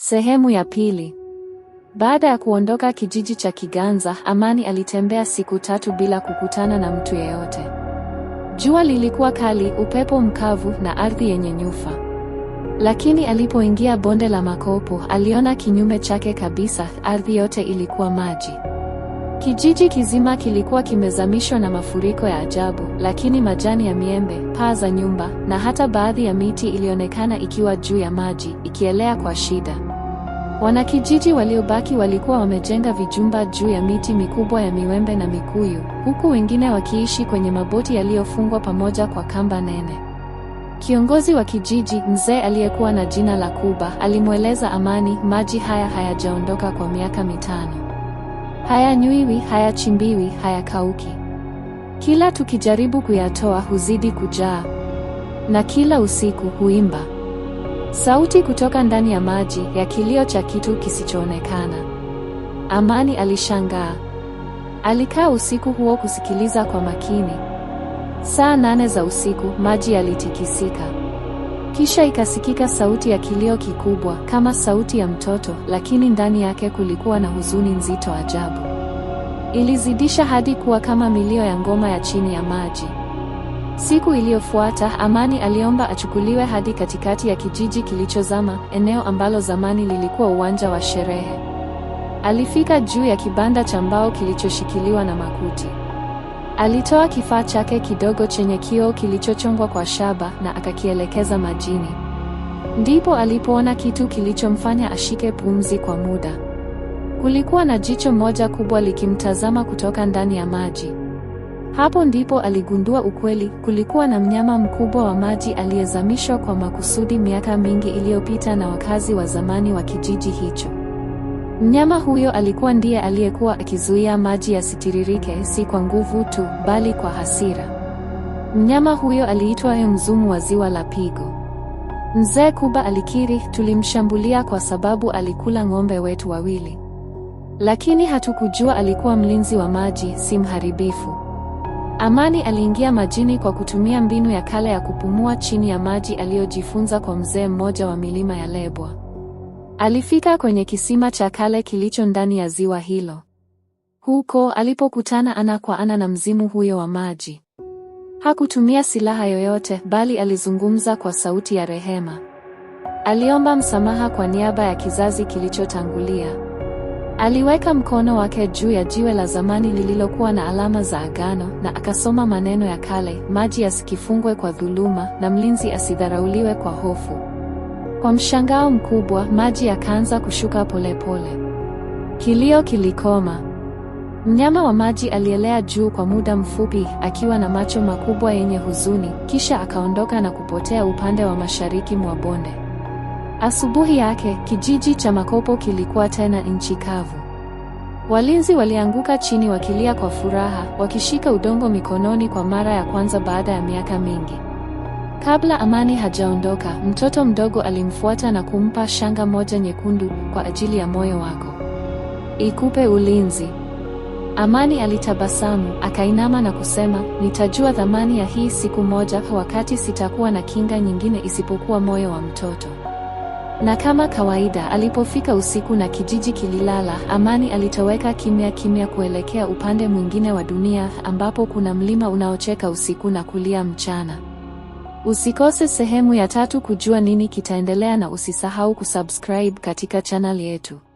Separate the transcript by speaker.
Speaker 1: Sehemu ya pili. Baada ya kuondoka kijiji cha Kiganza, Amani alitembea siku tatu bila kukutana na mtu yeyote. Jua lilikuwa kali, upepo mkavu na ardhi yenye nyufa. Lakini alipoingia bonde la Makopo, aliona kinyume chake kabisa, ardhi yote ilikuwa maji. Kijiji kizima kilikuwa kimezamishwa na mafuriko ya ajabu, lakini majani ya miembe, paa za nyumba na hata baadhi ya miti ilionekana ikiwa juu ya maji, ikielea kwa shida. Wanakijiji waliobaki walikuwa wamejenga vijumba juu ya miti mikubwa ya miwembe na mikuyu, huku wengine wakiishi kwenye maboti yaliyofungwa pamoja kwa kamba nene. Kiongozi wa kijiji, mzee aliyekuwa na jina la Kuba, alimweleza Amani, maji haya hayajaondoka kwa miaka mitano. Hayanywiwi, hayachimbiwi, hayakauki. Kila tukijaribu kuyatoa huzidi kujaa, na kila usiku huimba. Sauti kutoka ndani ya maji ya kilio cha kitu kisichoonekana. Amani alishangaa. Alikaa usiku huo kusikiliza kwa makini. Saa nane za usiku maji yalitikisika. Kisha ikasikika sauti ya kilio kikubwa kama sauti ya mtoto, lakini ndani yake kulikuwa na huzuni nzito ajabu. Ilizidisha hadi kuwa kama milio ya ngoma ya chini ya maji. Siku iliyofuata Amani aliomba achukuliwe hadi katikati ya kijiji kilichozama, eneo ambalo zamani lilikuwa uwanja wa sherehe. Alifika juu ya kibanda cha mbao kilichoshikiliwa na makuti. Alitoa kifaa chake kidogo chenye kioo kilichochongwa kwa shaba na akakielekeza majini. Ndipo alipoona kitu kilichomfanya ashike pumzi kwa muda. Kulikuwa na jicho moja kubwa likimtazama kutoka ndani ya maji. Hapo ndipo aligundua ukweli, kulikuwa na mnyama mkubwa wa maji aliyezamishwa kwa makusudi miaka mingi iliyopita na wakazi wa zamani wa kijiji hicho. Mnyama huyo alikuwa ndiye aliyekuwa akizuia maji yasitiririke, si kwa nguvu tu, bali kwa hasira. Mnyama huyo aliitwa Mzumu wa Ziwa la Pigo. Mzee Kuba alikiri, tulimshambulia kwa sababu alikula ng'ombe wetu wawili, lakini hatukujua alikuwa mlinzi wa maji, si mharibifu. Amani aliingia majini kwa kutumia mbinu ya kale ya kupumua chini ya maji aliyojifunza kwa mzee mmoja wa milima ya Lebwa. Alifika kwenye kisima cha kale kilicho ndani ya ziwa hilo. Huko alipokutana ana kwa ana na mzimu huyo wa maji. Hakutumia silaha yoyote bali alizungumza kwa sauti ya rehema. Aliomba msamaha kwa niaba ya kizazi kilichotangulia. Aliweka mkono wake juu ya jiwe la zamani lililokuwa na alama za agano, na akasoma maneno ya kale: maji yasikifungwe kwa dhuluma, na mlinzi asidharauliwe kwa hofu. Kwa mshangao mkubwa, maji yakaanza kushuka polepole pole. Kilio kilikoma. Mnyama wa maji alielea juu kwa muda mfupi, akiwa na macho makubwa yenye huzuni, kisha akaondoka na kupotea upande wa mashariki mwa bonde. Asubuhi yake kijiji cha Makopo kilikuwa tena nchi kavu. Walinzi walianguka chini wakilia kwa furaha, wakishika udongo mikononi kwa mara ya kwanza baada ya miaka mingi. Kabla Amani hajaondoka, mtoto mdogo alimfuata na kumpa shanga moja nyekundu kwa ajili ya moyo wako. Ikupe ulinzi. Amani alitabasamu, akainama na kusema, nitajua thamani ya hii siku moja wakati sitakuwa na kinga nyingine isipokuwa moyo wa mtoto. Na kama kawaida alipofika usiku na kijiji kililala, Amani alitoweka kimya kimya kuelekea upande mwingine wa dunia ambapo kuna mlima unaocheka usiku na kulia mchana. Usikose sehemu ya tatu kujua nini kitaendelea na usisahau kusubscribe katika channel yetu.